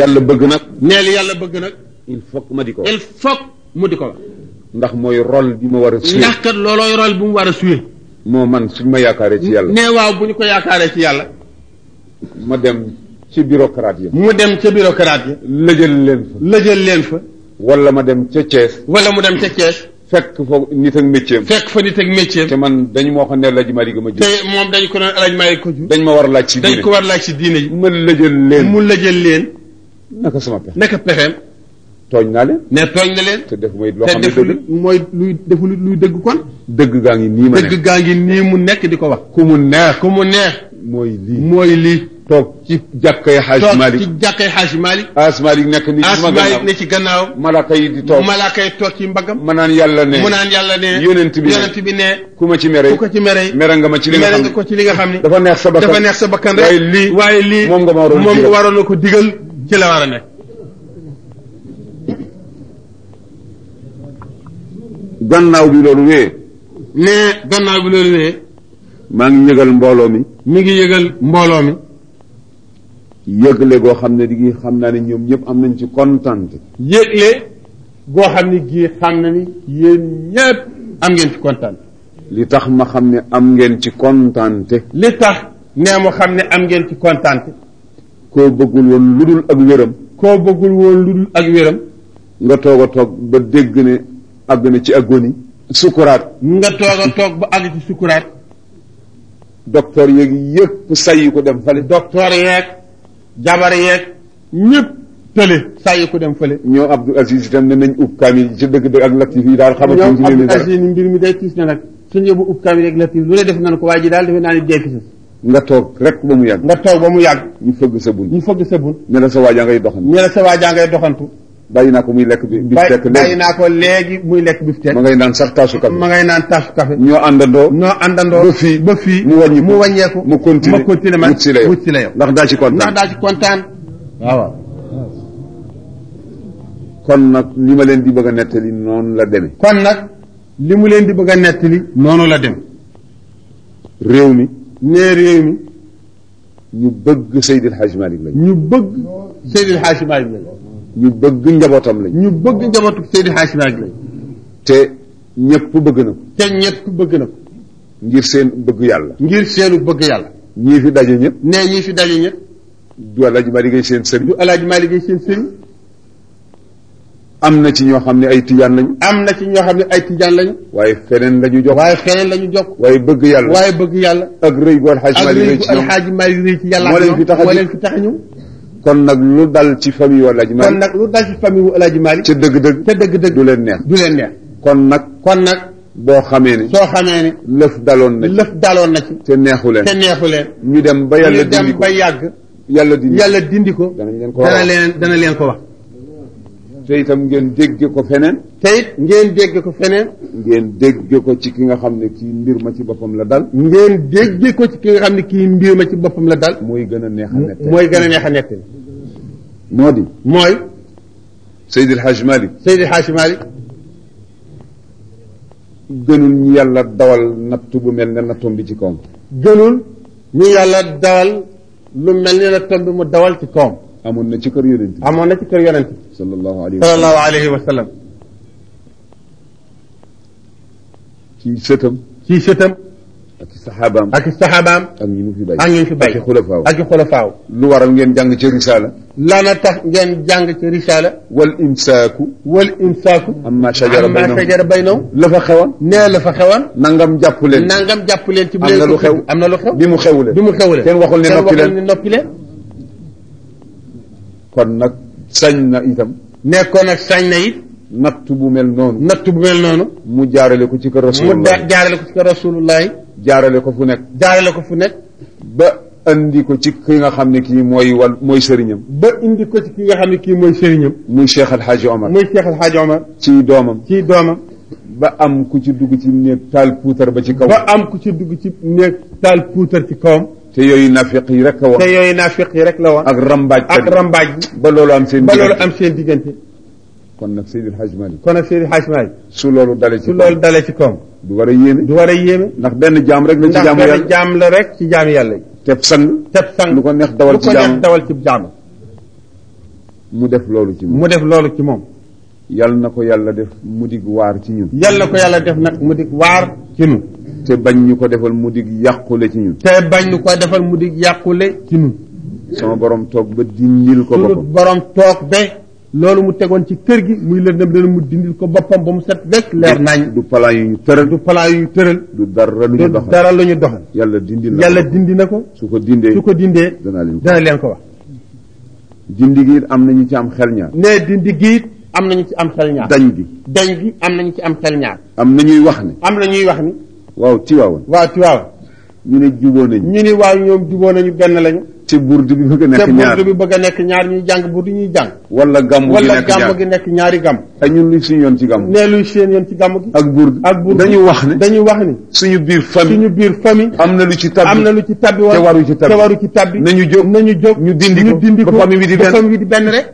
yàlla bëgg nag. nee yàlla bëgg nag. il faut ma di ko il mu di ko wax. ndax mooy rôle bi ma war a. suyee ndax loolooy rôle bu mu war a suyee. moo man suñ ma yaakaaree ci yàlla. nee waaw bu ñu ko yaakaaree ci yàlla. ma dem ci bureaucrate yi. ma dem ca bureaucrate yi. lëjël leen fa. lëjël leen fa. wala ma dem ca Thiès. wala mu dem ca Thiès. fekk fa nit ak métier fekk fa nit ak métier te man dañ moo xam ne El Hadj Malick ma jur. moom dañ ko doon El Hadj ko dañ ma war a laaj ci dañ ko war a laaj ci diine ji. ma lëjël leen mu lëjël leen. naka sama pexe naka pexeem. tooñ naa leen. ne tooñ na leen. te def mooy loo xam ne dëgg luy dëgg kon. dëgg gaa ngi nii ma nekk dëgg gaa ngi mu nekk di ko wax. ku mu neex ku mu neex. mooy lii mooy lii. toog ci jàkkay xaaj Malick toog ci jàkkay xaaj Malick. as Malick nekk ni ci gannaaw ne ci gannaaw. malaaka yi di toog malaaka yi ci mbagam. mu naan yàlla ne mu naan yàlla ne. yonent bi ne ku ma ci mere ku ko ci mere. nga ma ci li nga xam ne ci li nga xam ne. dafa neex sa bakkan dafa sa bakkan rek. waaye lii waaye lii moom nga ma waroon ko digal. ci la war a nekk. gannaaw bi loolu wee. bi loolu wee. maa ngi yëgal mbooloo mi. mi ngi yëgal mbooloo mi. yëgle goo xam ne di xam naa ne ñoom ñëpp am nañ ci kontaan. yëgle goo xam ne gii xam na ni yéen ñëpp am ngeen ci kontaan. li tax ma xam ne am ngeen ci kontaan. li tax nee mu xam ne am ngeen ci kontaan. koo bëggul woon lu dul ak wéram koo bëggul woon lu dul ak wéram nga toog a toog ba dégg ne àgg na ci agoni sukuraat nga toog a toog ba àgg ci sukuraat docteur yeeg yëpp sayyi ko dem fële docteur yeeg jabar yeeg ñëpp tële yi ko dem fële ñoo Abdou Aziz itam ne nañ ub kaamil ci dëgg dëgg ak latif yi daal xamatuñ ci leen dara ñoom Abdou Aziz mbir mi day tiis na nag suñu yóbbu ub kaamil ak latif lu ne def nañ ko waaye ji daal defe naa ni dekki nga toog rek ba mu yàgg. nga toog ba mu yàgg. ñu fëgg sa bunt. ñu fëgg sa bunt. ñu sa waajaa ngay doxantu. ñu sa waajaa ngay doxantu. bàyyi naa ko muy lekk bi bifteek léegi bàyyi naa ko léegi muy lekk bifteek ngay naan sax taasu café ma ngay naan taasu café ñoo àndandoo ñoo àndandoo fii ba fii mu wàññi mu wàññeeku mu continuer ma continuer man wut si la yow wut si ndax daa ci kontaan kon nag li ma leen di bëgg a nettali noonu la deme kon nag li mu leen di bëgg a nettali noonu la demee réew mi nee réew mi ñu bëgg Seydil Hadj Malick lañ. ñu bëgg Seydil Hadj ñu bëgg njabootam lañ. ñu bëgg njabootu Seydil te ñëpp bëgg na ko. te ñëpp bëgg na ko. ngir seen bëgg yàlla. ngir seenu bëgg yàlla. ñii fi daje du El Hadj Malick seen sëriñ. du am na ci ñoo xam ne ay tijaan lañu. am na ci ñoo ne ay tijaan lañu. waaye feneen la ñu jox. waaye feneen la ñu jox. waaye bëgg yàlla. waaye bëgg yàlla. ak rëy gu alxaaji Maalik rëy ci yàlla. moo leen fi tax a moo leen fi tax kon nag lu dal ci famille wu alxaaji Maalik. kon nag lu dal ci famille wu alxaaji Maalik. ca dëgg-dëgg ca dëgg-dëgg. du leen neex du leen neex. kon nag kon nag. boo xamee ne soo xamee ne lëf daloon na ci daloon na ci te neexu leen te neexu leen ñu dem ba yàlla dindi ko ñu dem ba yàgg yàlla dindi yàlla dindi ko dana leen dana leen ko wax te itam ngeen dégge ko feneen ngeen dégge ko feneen ngeen dégge ci ki nga xam ne ki mbir ma ci boppam la dal ngeen dégge ko ci ki nga xam ne kii mbir ma ci boppam la dal mooy gën a neex a nettali mooy gën a neex a nettali moo di mooy Seydil Hadj Malick Seydil Hadj Malick gënul ñu yàlla dawal nattu bu mel ne nattoom bi ci kawam gënul ñu yàlla dawal lu mel ne nattoom bi mu dawal ci kawam amoon na ci kër yonent amoon na ci kër yonent sallallahu alayhi wa sallam sallallahu alayhi wa sallam ci sëtam ci sëtam ak saxaabaam ak saxaabaam ak ñi mu fi bay ak ñi mu fi bay ak xulafaaw ak xulafaaw lu waral ngeen jàng ci risaala lana tax ngeen jàng ci risaala wal imsaaku wal imsaaku amma shajara baynaw amma shajara baynaw la fa xewoon nee la fa xewoon nangam jàpp leen nangam jàpp leen ci am na lu xew am na lu xew bi mu xewle bi mu xewle kenn waxul ne noppi leen kon nag sañ na itam. nekkoon nag sañ na it. natt bu mel noonu. natt bu mel noonu. mu jaarale ko ci kër rasulullah mu jaarale ko ci ko fu nekk. jaarale ko fu nekk. ba indi ko ci ki nga xam ne kii mooy wal mooy sëriñam. ba indi ko ci ki nga xam ne kii mooy sëriñam. muy Cheikh Al Hadj Omar. muy Cheikh Al Hadj Omar. ci doomam. ci doomam. ba am ku ci dugg ci néeg taal puutar ba ci kaw. am ku ci dugg ci néeg taal puutar ci kawam. te yooyu naafiq yi rek la woon. te yooyu rek la woon. ak rambaaj ak rambaaj ba loolu am seen. ba loolu am seen diggante. kon nag Seydi El Hadj Malick. kon nag Seydi El Hadj Malick. su loolu dalee ci. su loolu dalee ci koom. du war a yéeme. du war a yéeme. ndax benn jaam rek la ci jaamu yàlla ndax benn jaam la rek yàlla. teb sang. teb sang lu ko neex dawal ci jaamu dawal ci jaamu. mu def loolu ci moom mu def loolu ci moom. yal na ko yàlla def mu dig waar ci ñun. yàlla def nag mu dig te bañ ñu ko defal mu dig yàqule ci ñun. te bañ ñu ko defal mu dig yàqule ci ñun. sama borom toog ba dindil ko boppam borom toog ba. loolu mu tegoon ci kër gi muy lëndëm lëndëm mu dindil ko boppam ba mu set wecc leer nañ. du plan yu ñu tëral du plan yu ñu tëral. du dara lu ñu dox du dara ñu doxal. yàlla dindi na yàlla dindi na ko. su ko dindee su ko dindee. dana leen ko ko wax. dindi gi am na ñu ci am xel ñaar. nee dindi gi it am na ñu ci am xel ñaar. dañ gi dañ gi am na ñu ci am xel ñaar. am na ñuy wax ni. am na ñuy wax ni. waaw Tiwaawan. waaw ñu ne juboo nañu. ñu ni waaw ñoom juboo nañu benn lañu. ci burdu bi bëgg a nekk ñaar te bi bëgg a nekk ñaar ñuy jàng burdu ñuy jàng. wala gàmmu gi nekk wala gàmmu gi nekk ñaari gàmm. ak ñun luy suñu yoon ci gàmmu. nee luy seen yoon ci gàmmu gi. ak burdu ak burdu dañuy wax ne. dañuy wax ne. suñu biir famille ñu biir famille. am na lu ci tabbi am na lu ci tabbi. te waru ci tabbi te waru ci tabbi. nañu jóg nañu jóg ñu dindi ñu dindi ko ba famille bi di benn rek.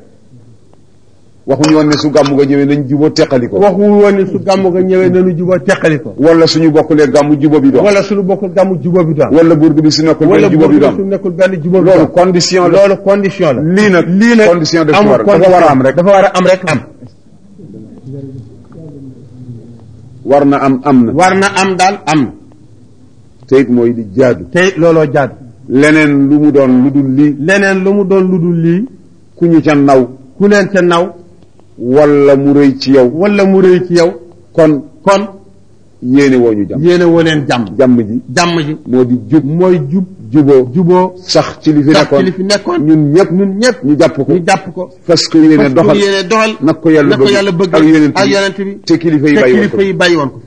waxuñu woon ne su gàmm nga ñëwee nañ jubóo teqali ko. waxuñu woon ne su gàmm nga ñëwee nañu jubóo teqali ko. wala suñu bokkulee gàmm jubóo bi doon. wala suñu bokkul gàmmu jubóo bi doon. wala buur bi su nekkul benn jubóo bi doon nekkul benn jubóo bi doon. loolu condition la loolu condition nag lii nag condition de war dafa war a am rek. dafa war am rek am. war na am am na. war na am daal am na. tey mooy di jaadu. tey looloo jaadu. leneen lu mu doon lu dul lii. leneen lu mu doon lu dul lii. ku ñu ca naw. ku leen ca naw wala mu rëy ci yow walla mu rëy ci yow kon kon yéene woo ñu jàmm yéene woo leen jàmm jàmm ji jàmm ji moo di jub mooy jub juboo juboo sax ci li fi nekkoon fi nekkoon ñun ñëpp ñëpp ñu jàpp ko ñu jàpp ko fas ko yéene doxal yéene doxal nag ko yàlla bëgg yàlla bëgg ak yonent ak yonent bi te kilifa yi bàyyi woon ko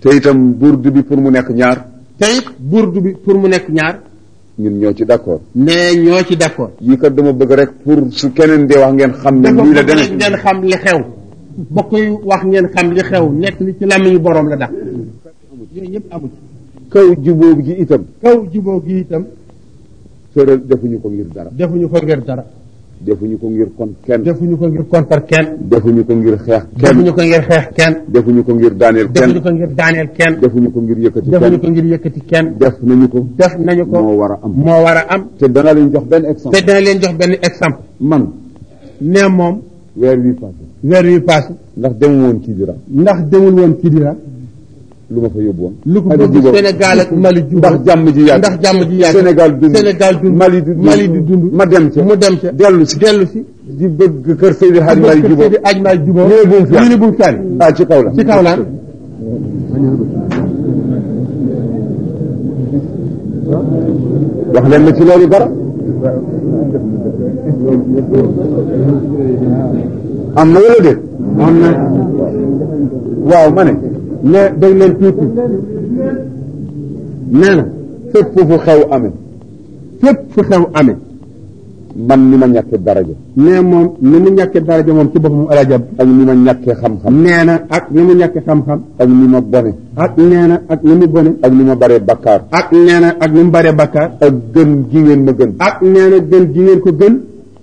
te kilifa yi bàyyi woon ko burdu bi pour mu nekk ñaar te burdu bi pour mu nekk ñaar ñun ñoo ci d'accord. ne ñoo ci d'accord. yii kat dama bëgg rek pour su keneen dee wax ngeen xam ne. nii la dem ngeen xam li xew. ba wax ngeen xam li xew nekk li ci làmmiñu boroom la dax yooyu yëpp amul. kaw jubóo gi itam. kaw jubóo gi itam. sëral defuñu ko ngir dara. defuñu ko ngir dara. defuñu ko ngir kon kenn. defuñu ko ngir contre kenn. defuñu ko ngir xeex kenn. defuñu ko ngir xeex kenn. defuñu ko ngir daaneel kenn. defuñu ko ngir daaneel kenn. defuñu ko ngir yëkkati kenn. defuñu ko ngir yëkkati kenn. def nañu ko. def nañu ko moo war a am. moo war a am. te dana leen jox benn exemple. te dana leen jox benn exemple. man. nee moom. weer wi paase. weer wi paase. ndax demul woon Kidira. ndax demul woon Kidira. lu ma fa ko bëgg Sénégal ak ji ndax jàmm ji yàgg Sénégal dund Sénégal dund ma dem ca mu dem ca dellu si dellu si. di bëgg kër Seydi Hadj Mali jubóo kër Seydi Hadj Mali jubóo ci kaw la ci kaw la. wax leen ci loolu dara. am na wala waaw ma ne doy leen tuuti nee na fépp fu xew amee fépp fu xew amee man ni ma ñàkkee daraja nee moom ni mu ñàkkee daraja moom ci boppam rajab ak ni ma ñàkkee xam-xam nee na ak ni mu ñàkkee xam-xam ak nu ma bone ak nee na ak ni mu ak ni ma baree bakkaar ak nee na ak ni mu baree bakkaar ak gën gi ngeen ma gën ak nee gën gi ngeen ko gën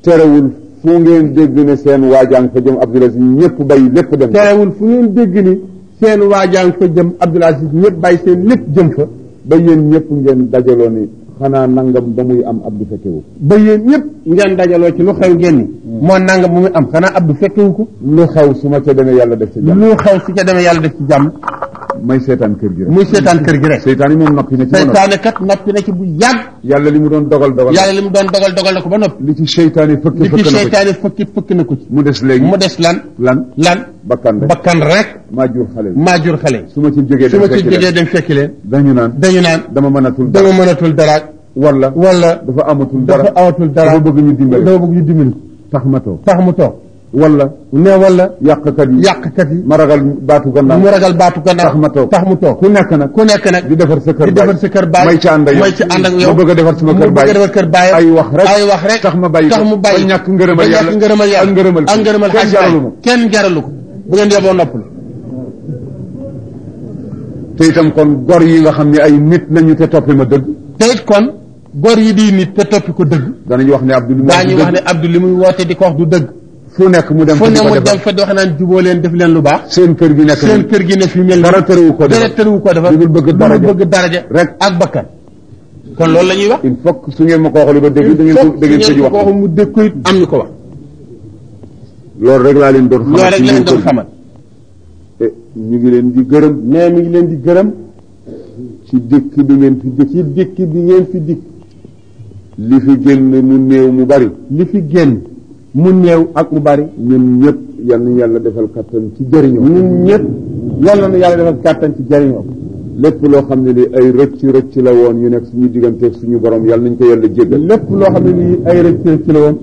terewul fu ngeen dégg ne seen waajang fa jëm Abdoulaye ñëpp bay lépp dem terewul fu ngeen dégg ni seen waajaan fa jëm Abdul Aziz ñëpp bàyyi seen lépp jëm fa ba yéen ñëpp ngeen dajaloo ni xanaa nangam ba muy am Abdou fekkewu ba yéen ñëpp ngeen dajaloo ci lu xew ngeen ni hmm. moo nangam bu muy am xanaa Abdou fekkewu ko lu xew su ma ca demee yàlla def ci jàmm lu xew su ca demee yàlla def ci jàmm may seetaan kër gi rek muy seetaan kër gi rek seytaane moom noppi na ci seytaane kat noppi na ci bu yàgg yàlla li mu doon dogal dogal yàlla li mu doon dogal dogal na ko ba noppi li ci seytaane fëkki li ci seytaane fëkki fëkki na ko ci mu des léegi mu des lan lan lan bakkan rek bakkan rek maa jur xale maa jur xale su ma ci jógee su ma ci jógee dem fekki leen dañu naan dañu naan dama mënatul dama mënatul dara wala wala dafa amatul dara dafa amatul dara dama bëgg ñu dimbali dama bëgg ñu dimbali tax ma toog tax mu toog wala ne wala yàqkat yi yàqkat yi ma ragal baatu gannaaw mu ragal baatu gannaaw tax ma toog mu toog ku nekk nag ku nekk nag di defar sa kër di sa kër baay may ci ànd ak yow may ci ànd ak yow ma bëgg a defar sama kër baay ay wax rek tax ma bàyyi tax mu bàyyi ñàkk ngërëmal yàlla ngërëmal yàlla ak ngërëmal ak ngërëmal kenn jaralu kenn jaralu ko bu ngeen yeboo nopp la te itam kon gor yi nga xam ne ay nit lañu te toppi ma dëgg te kon gor yi di nit te toppi ko dëgg danañu wax ne Abdou li muy woote di ko du dëgg fu nekk mu dem fa fu ne mu dem fa dox naan juboo leen def leen lu baax. seen kër gi nekk seen kër gi ne fi mel. dara tëriwu ko defar dara tëriwu ko defar. lu bëgg daraja bëgg daraja rek ak bakkan. kon loolu la ñuy wax. il faut que su ngeen ma ko waxee lu ba dégg da ngeen ko da ngeen ko ji wax. il faut mu dégg ko it am ñu ko wax. loolu rek laa leen doon xamal loolu rek laa leen doon xamal. ñu ngi leen di gërëm. mais mi ngi leen di gërëm. ci dëkk bi ngeen fi dëkk. ci dëkk bi ngeen fi dëkk. li fi génn mu néew mu bari. li fi génn. mu néew ak mu bari ñun ñëpp yal nañu yàlla defal kàttan ci jëriñoo ñun ñëpp yal nañu yàlla defal kàttan ci jëriñoo lépp loo xam ne lii ay rëcc rëcc la woon yu nekk suñu digganteeg suñu borom yal nañu ko yàlla jéggal lépp loo xam ne lii ay rëcc rëcc woon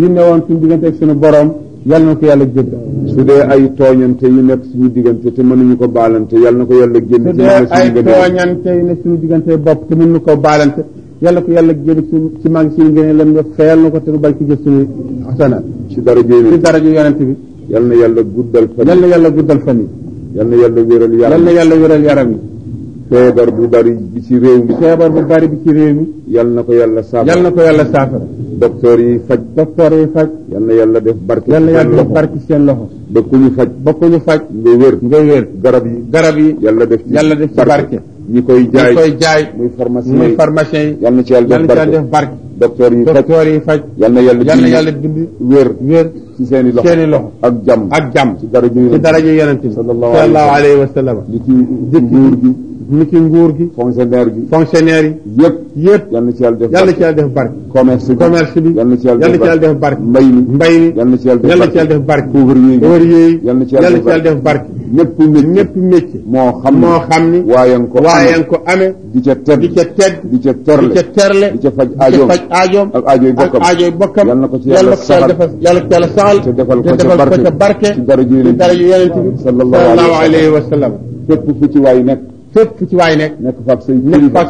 yu ne woon suñu digganteeg suñu borom yal na ko yàlla jéggal su dee ay tooñante yu nekk suñu diggante te mënuñu ko baalante yal na ko yàlla génn su dee ay tooñante yu nekk suñu diggante bopp te mënuñu ko baalante yàlla ko yàlla jël ci ci mag si ngeen lam nga fayal na ko te du bañ ko jël suñu xasanaat ci daraja ci daraja yonent bi yal na yàlla guddal fan yal na yàlla guddal fan yi yal na yàlla wéral yaram yal na yàlla wéral yaram yi feebar bu bari bi ci réew mi feebar bu bari bi ci réew mi yal na ko yàlla saafara yal na ko yàlla saafara docteur yi faj docteur yi faj yal na yàlla def barki yal na yàlla def barki seen loxo ba ku ñu faj ba ku ñu faj nga wér nga wér garab yi garab yi yàlla def ci barke ñi koy jaay ñi koy jaay. muy pharmacien muy pharmacien yi. yal na ci yàlla def barke docteur yi faj docteur yi faj. yal na yàlla yal na yàlla bind wér wér. ci seen i loxo seen i loxo ak jàmm ak jàmm. ci dara ju yonent bi ci dara ju yonent bi sallallahu alayhi wa sallam. di ci nguur gi. ni ki nguur gi fonctionnaire bi fonctionnaire yi yëpp yëpp yal na ci yàlla def yal na ci yàlla def barke commerce bi commerce bi yal na ci yàlla def barke mbay mi mbay mi yal na ci yàlla def barke yal na ci yàlla def barke ouvrier yi yal na ci yàlla def barke ñëpp métier ñëpp métier moo xam moo xam ni waaye ko waaye ko amee di ca tedd di ca tedd di ca terle di ca terle di ca faj aajoom faj aajoom ak aajoy bokkam ak aajoy bokkam yal na ko ci yàlla saxal yàlla ko ci yàlla saxal te defal ko ca barke ci dara ju yeneen bi sallallahu alayhi wa sallam képp fu ci waay nekk fépp ci waay nekk nekk fa ak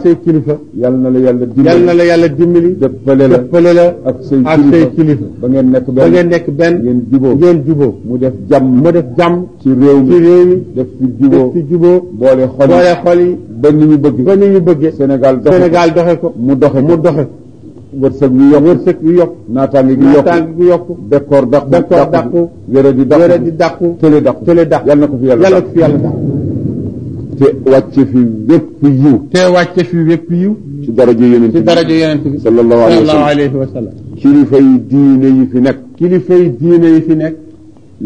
say kilifa yal na la yàlla dimbali yal na la yàlla dimbali dëppale la dëppale la ak say ak say kilifa ba ngeen nekk benn ngeen nekk benn ngeen juboo ngeen juboo mu def jàmm mu def jàmm ci réew mi ci def fi juboo boole xol boole ba ni ñu bëgg ba ni ñu bëggee Sénégal doxe Sénégal ko mu doxe mu doxe wërsëg wi yokk wërsëg wi yokk naataange gi yokk yokk bekkoor dàqu bekkoor dàqu wéra di dàqu wéra di dàqu tële dàqu tële dàqu yal na ko fi yàlla yal na yàlla dàqu te wàcc fi wépp te wàcc fi wépp yiw. ci daraja yonent bi ci daraja yonent bi. sallallahu alayhi wa sallam. kilifa yi diine yi fi nekk. kilifa yi diine yi fi nekk.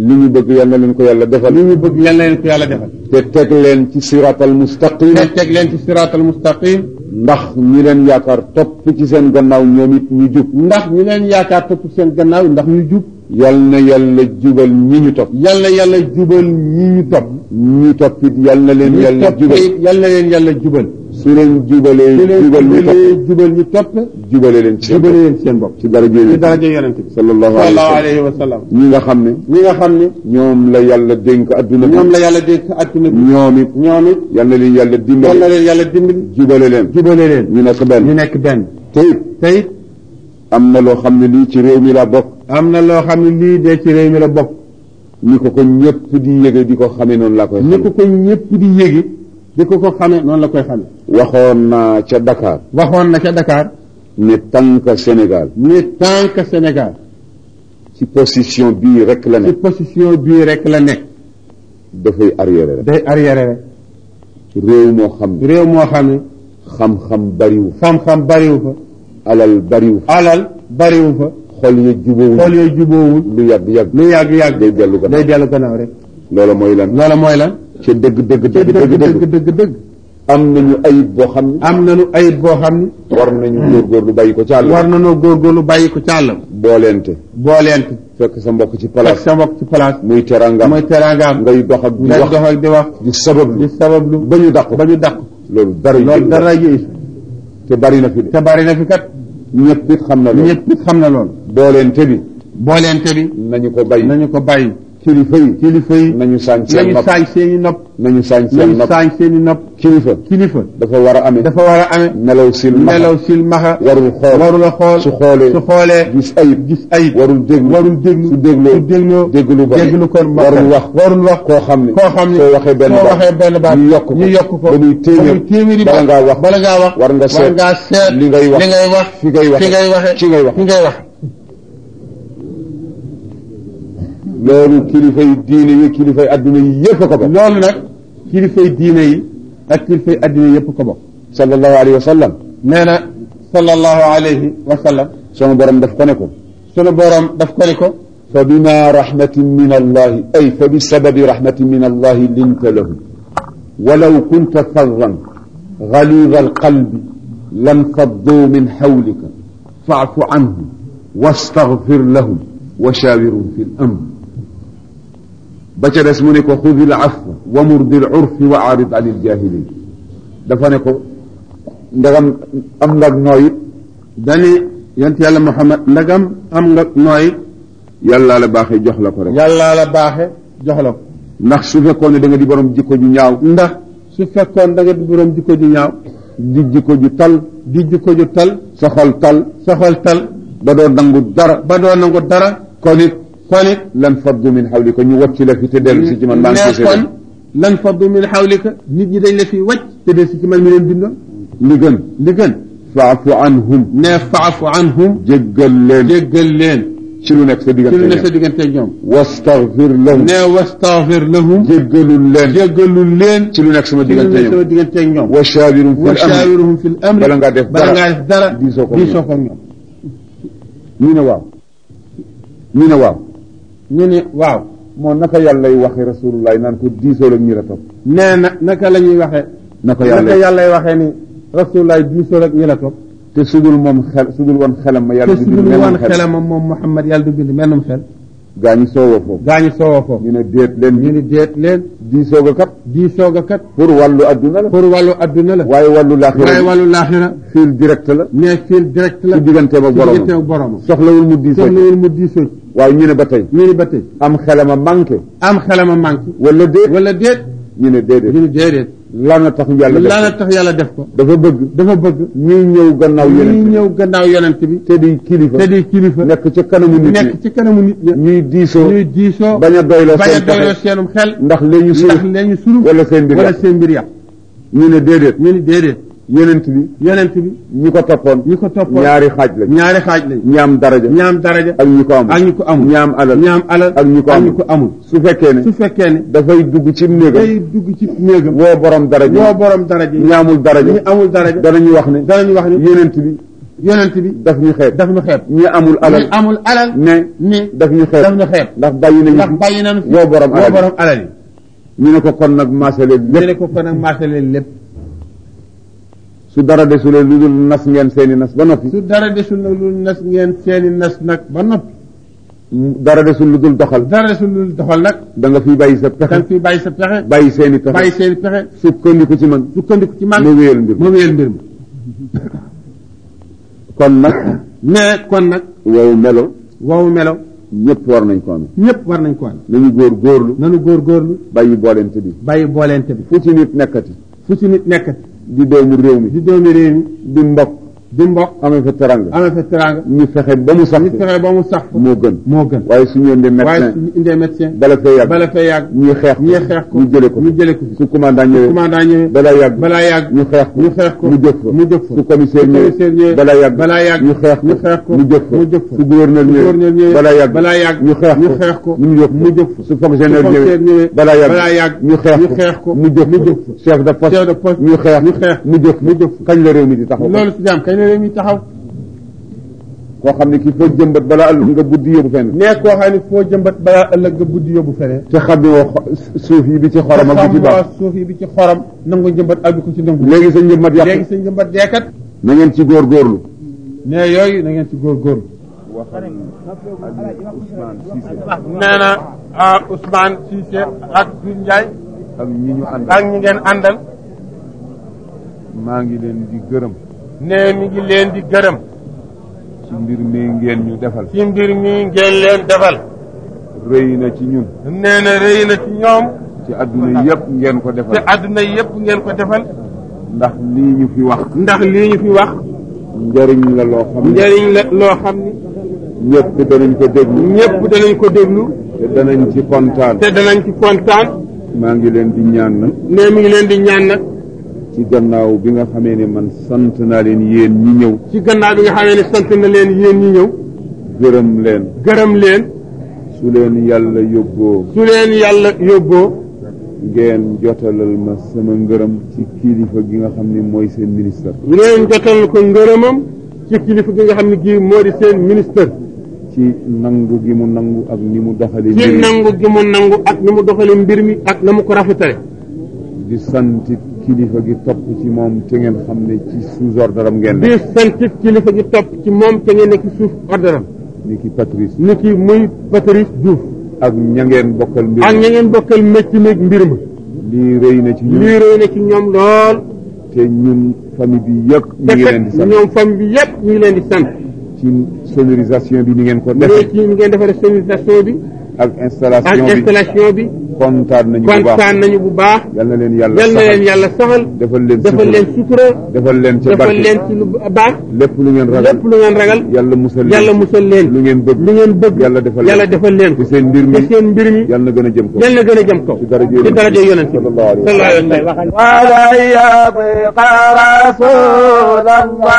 ñu bëgg yal na leen ko yàlla defal. li ñu bëgg yal leen yàlla defal. te teg leen ci siraatal mustaqim. te teg leen ci siraatal mustaqim. ndax ñi leen yaakaar topp ci seen gannaaw ñoom it ñu jub. ndax ñi leen yaakaar topp ci seen gannaaw ndax ñu jub. yal na yàlla jubal ñi ñu topp yal na yàlla jubal ñi ñu topp ñu topp it yal na leen yàlla jubal yal na leen yàlla jubal su leen jubalee jubal ñu topp jubal ñu topp jubale leen jubale leen seen bopp ci daraja ci daraja yonent bi sallallahu alayhi wa sallam ñi nga xam ne ñi nga xam ne ñoom la yàlla dénk adduna bi ñoom la yàlla dénk adduna bi ñoom it ñoom it yal na leen yàlla dimbali yal na leen yàlla dimbali jubale leen jubale leen ñu nekk benn ñu nekk benn tayit tayit am na loo xam ne lii ci réew mi la bokk. am na loo xam ne lii de ci réew mi la bokk. ni ko ko ñëpp di yëge di ko xamee noonu la koy. xamee ni ko ko ko xamee noonu la koy xamee. waxoon naa ca Dakar. waxoon na ca Dakar. ne tànk Sénégal. ne tànk Sénégal. ci position bii rek la nekk. ci position bii rek la ne dafay arriéré rek. day arriéré rek. réew moo xam. réew moo xam xam-xam bariwu. xam-xam bariwu fa. alal bariw alal bariw fa xol ya jubóowul xol ya jubóowul lu yàgg yàgg lu yàgg yàgg day dellu gannaaw day dellu rek loola mooy lan loola mooy lan ca dëgg dëgg dëgg dëgg dëgg dëgg dëgg am nañu ayib boo xam ne am nañu ayib boo xam ne war nañu góorgóorlu bàyyi ko càll war nañoo góorgóorlu bàyyi ko càllam booleente booleente fekk sa mbokk ci place fekk sa mbokk ci place muy terangaam muy terangaam ngay dox ak di wax ngay dox ak di wax di sabablu di sabablu ba ñu dàq ba ñu dàq loolu dara loolu dara te bari na fi te bari na fi kat. ñëpp it xam na loolu ñëpp it xam na loolu. booleente bi. booleente bi. nañu ko bàyyi nañu ko bàyyi. kilifa yi kilifa yi nañu saañ seen nopp nañu saañ seen i nopp nañu saañ seen nopp nañu saañ seen i nopp kilifa kilifa dafa war a amee dafa war a amee melaw sil maxa melaw sil maxa warul xool warul xool su xoolee su xoolee gis ayib gis ayib warul déglu warul déglu su dégloo su dégloo déglu ba déglu kon warul wax warul wax koo xam ne koo xam ne soo waxee benn baat soo waxee benn baat ñu yokk ko ñu yokk ko ba muy téeméer bala ngaa wax bala ngaa wax war nga seet li ngay wax li ngay wax fi ngay wax fi ngay wax ci ngay wax loolu kilifay diine yi kilifay adduna yi yëpp ko bokk. loolu nag kilifay diine yi ak kilifay adduna yi yëpp ko bokk. sallallahu alayhi wa sallam. nee na sallallahu alayhi wa sallam. sunu borom daf ko ne ko. sunu borom daf ko ne ko. fa bima rahmatin min allahi ay fa bi sababi rahmatin min allahi linta lahu walaw kunta faddan galida alqalbi lam faddu min hawlika faafu anhum wastaghfir lahum wa shawirhum fi l amr ba ca des mu ne ko xudil afwa wamur bil urfi wa arid anil jahilin dafa ne ko ndagam am nga nooy it dani yàlla Muhammad la baaxee jox la ko rek. yàllaa la baaxe jox la ko. ndax su fekkoon ne da di boroom jikko ju ñaaw. ndax su fekkoon da nga di borom jikko ju ñaaw. di jikko ju tal. di jikko ju tal. sa tal. sa xol tal. ba doo nangu dara. ba doo nangu dara. kon kon it lan faddu min xawlika ñu wàcc la fi te dellu si ci man maa ngi kon lan faddu min xawlika nit ñi dañ la fi wàcc te dellu si ci man mi leen bindoon li gën li gën faafu anhum ne faafu anhum jéggal leen jéggal leen ci lu nekk sa diggante ci lu nekk sa diggante ñoom wastaghfir lahum ne wastaghfir lahum jéggalul leen jéggalul leen ci lu nekk sama diggante ñoom sama diggante ñoom wa shaawirhum fil amri wa shaawirhum fil amri bala ngaa def bala ngaa def dara diisoo ko ñoom ñu ne waaw ñu ne waaw ñu ni waaw moon moo naka yàllay waxe rasulullah naan ko diisool ak ñi la topp nee na naka la ñuy waxee naka yàllay waxee ni rasulullah diisool ak ñi la topp te sudul moom xel sudul woon xelam ma yàlla te sudul woon xelam moom Muhammad yàlla du bind mennum xel gaañu soowoo foofu gaañu soowoo foofu ñu ne déet leen ñu ne déet leen dii sooga kat dii sooga kat pour wàllu adduna la pour wàllu adduna la waaye wàllu laaxira waaye wàllu laaxira fil direct la mais fil direct la ci diggante ba borom ci diggante ba borom soxlawul mu diisoo soxlawul mu waaye ñu ne ba tey ñu ne ba tey am xelama manqué am xelama manqué wala déet wala déet ñu ne déedéet ñu ne lana tax yàlla def lana tax yàlla def ko. dafa bëgg dafa bëgg. ñuy ñëw gannaaw yonent bi ñuy ñëw gannaaw yonent bi. te di kilifa te di kilifa. nekk ci kanamu nit ñi kanamu nit ñuy diisoo ñuy diisoo. bañ a a doyloo seenum xel. ndax lee ñu sunu ndax lee ñu sunu. wala seen mbir yàq wala ñu ne déedéet ñu ne déedéet. yonent bi yonent bi ñi ko toppoon ñi ko toppoon ñaari xaaj lañ ñaari xaaj lañ ñaam daraja ñaam daraja ak ñu ko amul ak ñi ko amul ñaam alal ñaam alal ak ñu ko amul ak ko amul su fekkee ne su fekkee ne dafay dugg ci néegam dugg ci néegam woo borom daraja woo borom daraja ñi amul daraja ñi amul daraja danañu wax ne danañu wax ne yonent bi yonent bi daf ñu xeeb daf ñu xeeb ñi amul alal amul alal ne ni daf ñu xeeb daf ñu xeeb ndax bàyyi nañu ndax bàyyi nañu woo borom alal woo borom alal yi ñu ne ko kon nag maasale lépp ñu ne ko kon nag lépp su dara desul lu dul nas ngeen seeni nas ba noppi. su dara desul lu dul nas ngeen seeni nas nag ba noppi. dara desul lu dul doxal. dara desul lu dul doxal nag. da nga fiy bàyyi sa pexe. da nga fiy bàyyi sa pexe. bàyyi seeni pexe bàyyi seeni pexe. sukkandiku ci man. sukkandiku ci man ma wéyal mbir ma ma wéyal kon nag. mais kon nag. wow melo. wow melo. ñëpp war nañ ko am. ñëpp war nañ ko am. nañu góor góorlu. nañu góor góorlu. bàyyi booleente bi. bàyyi booleente bi. fu ci nit nekkati. fu ci nit nekkati. di doomu réew mi di doomu di mbokk di mboq amee fa teranga amee fa teranga ñu fexe ba mu sax ñu fexe ba mu sax moo gën moo gën waaye suñu indee médecin waaye suñu indee médecin bala fee yàgg bala fee yàgg ñu xeex ñu xeex ko ñu jële ko ñu jële ko su commandant ñëwee commandant ñëwee balaa yàgg balaa yàgg ñu xeex ko ñu xeex ko mu jëf ko mu jëf ko su commissaire ñëwee balaa yàgg balaa yàgg ñu xeex ñu xeex ko mu jëf ko mu jëf ko su gouverneur ñëwee balaa yàgg balaa yàgg ñu xeex ñu xeex ko mu jëf mu jëf ko su fonctionnaire ñëwee balaa yàgg balaa yàgg ñu xeex ñu xeex ko mu jëf mu jëf chef de poste ñu xeex ñu xeex mu jëf mu jëf kañ la réew mi di taxaw loolu ci jàmm kañ yéreem yi taxaw koo xam ne ki foo jëmbat balaa ëllëg nga buddi yóbbu fenn nee koo jëmbat balaa ëllëg nga buddi yóbbu feneen te bi ci xorom ak bi ci baax suuf yi bi ak ko ci nangu léegi sa njëmbat yàq léegi sa njëmbat deekat na ngeen ci góor góorlu nee yooyu na ngeen ci góor góorlu nee na Ousmane Cissé ak Doudou Ndiaye ak ñi ñu àndal àndal maa ngi leen di gërëm nee mi ngi leen di gërëm. ci mbir mi ngeen ñu defal. ci mbir mi ngeen leen defal. rëy na ci ñun. nee na rëy na ci ñoom. ci adduna yëpp ngeen ko defal. ci adduna ngeen ko defal. ndax lii ñu fi wax. ndax lii ñu fi wax. njëriñ la loo xam ne njëriñ la loo xam ne. ñëpp danañ ko déglu. ñëpp danañ ko déglu. te danañ ci kontaan. te danañ ci kontaan. maa ngi leen di ñaan nag. nee mi ngi leen di ñaan nag. ci gannaaw bi nga xamee ni man sant naa leen yéen ñi ñëw ci gannaaw bi nga sant na leen yéen ñi ñëw gërëm leen gërëm leen su leen yàlla yóbboo su leen yàlla yóbboo ngeen jotalal ma sama ngërëm ci kilifa gi nga xam ne mooy seen ministre ngeen jotalal ko ngërëmam ci kilifa gi nga xam ne gii moo di seen ministre ci nangu gi mu nangu ak ni mu doxali mbir mi ci nangu mu nangu ak ni mu doxali mbir mi ak na mu ko rafetale di santit kilifa gi topp ci moom te ngeen xam ne ci sous ordre am ngeen. di sant kilifa gi topp ci moom te ngeen ne ci suuf ordre am. ni ki Patrice. ni ki muy Patrice Diouf. ak ña ngeen bokkal mbir ak ña ngeen bokkal métti meeg mbir ma. lii rëy na ci ñoom lii rëy na ci ñoom lool. te ñun famille bi yëpp. ñu ngi leen di sant ñoom bi yëpp ñu ngi leen di sant. ci sonorisation bi ni ngeen ko defee. léegi ni ngeen defaree sonorisation bi. ak installation bi ak installation bi. kontaan nañu bu baax bu baax. yal na leen yàlla saxal yal na leen yàlla saxal. defal leen sutura defal leen sutura. defal leen ci lu baax. lépp lu ngeen ragal lépp lu ngeen ragal. musal leen lu ngeen bëgg lu ngeen bëgg. yàlla defal leen yàlla defal leen. te seen mbir mi te seen mbir mi. yal na gën a jëm kaw yal na gën a jëm kaw. ci daraja yonent bi sallallahu alayhi wa sallam. wala yaqqa rasulallah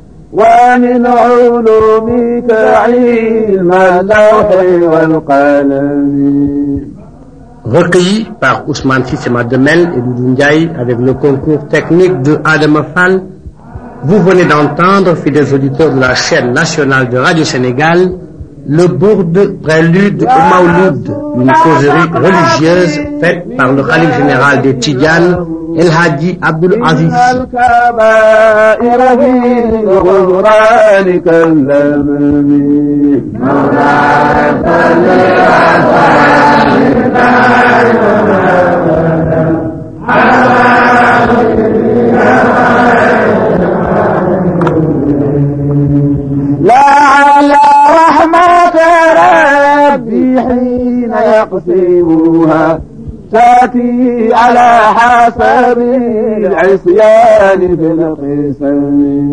ومن علومك علم اللوح والقلم Recueilli par Ousmane Fissema et Doudou Ndiaye avec le concours technique de Adama Fall. Vous venez d'entendre, fidèles auditeurs de la chaîne nationale de Radio Sénégal, le bourde prélude au Maouloud, une causerie religieuse faite par le calife général des Tidjanes, El Hadji Aziz. تقسيموها تأتي على حسب العصيان في القسم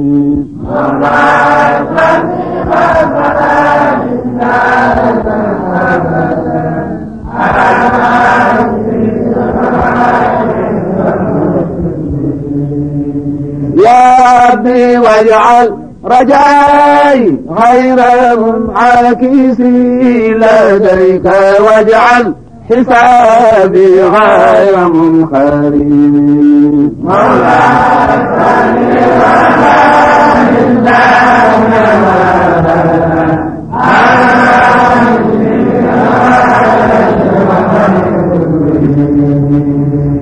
يا ربي واجعل رجاي غير منعكسي لديك واجعل حسابي غير منخرم مولاي صل وسلم على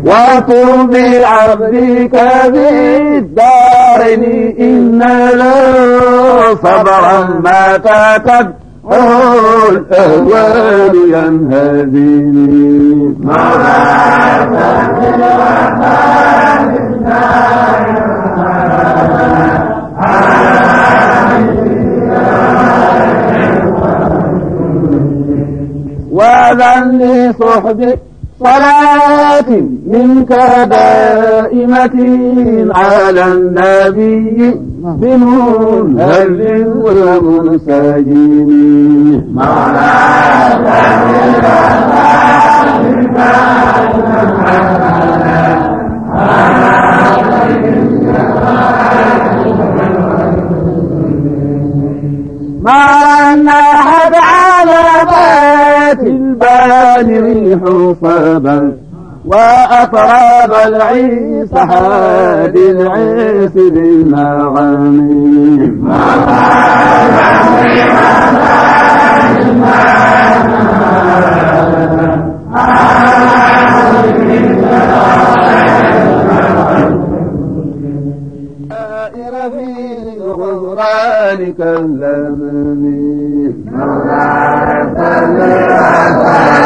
وكن بالعبد كذي الدارين إن له صبرا ما كتب الأهوال ينهديني مولاي سبحان الرحمن النار وذني صحبي ولكن منك دائمة على النبي بنون هل والمساجين مولاك ما لنا أحد على بال الرحمن ريح صبا وأطراب العيس سحاب العيس بالمغامر كلمني مولاي صل وسلم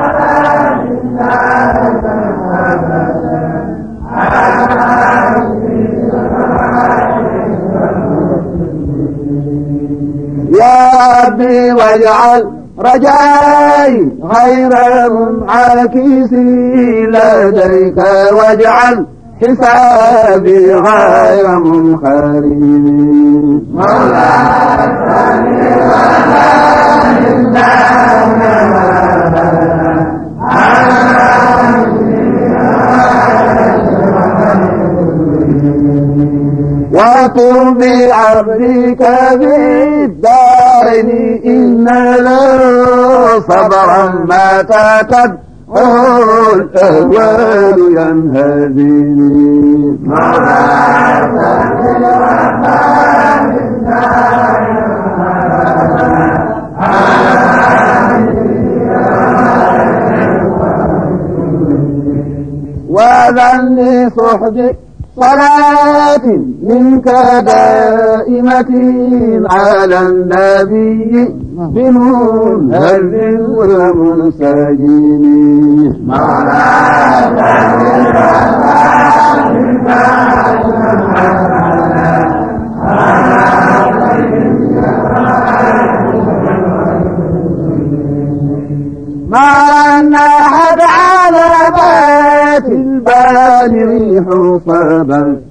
واجعل رجائي غير منعكسي لديك واجعل حسابي غير منخرم مولاي صل وسلم على وقم بعبدك في الدارين إن له صبرا ما تكد الأهوال ينهدي وذن لصحبك صلاتي منك دائمة على النبي بمنهز ومنسجم ما نهد على بيت البالغ حصبا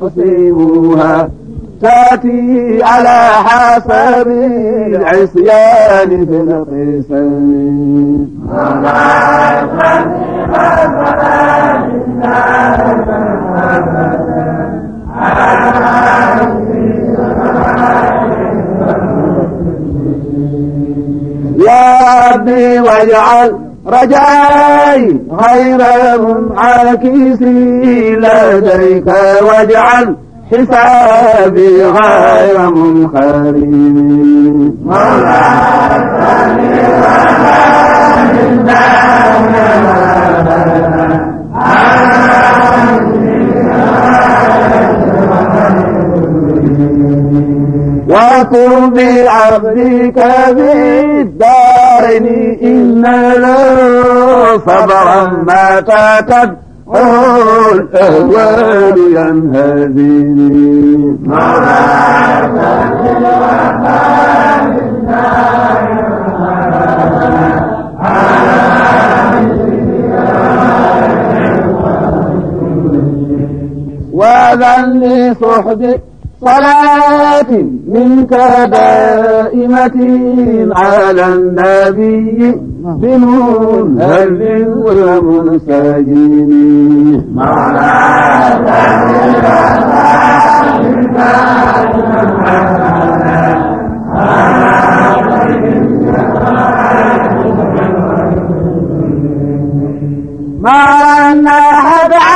تقسموها تأتي على حسب العصيان في القسم يا ربي واجعل رجاي غير منعكس لديك واجعل حسابي غير منخرب مولاي صل وسلم وكن بعبدك في الدارين إن له صبرا ما تكد الأهوال ينهديني مولانا في الوفاء وذل لصحبك صلاة منك دائمة على النبي بنور هل والمنسجين مع أن أحد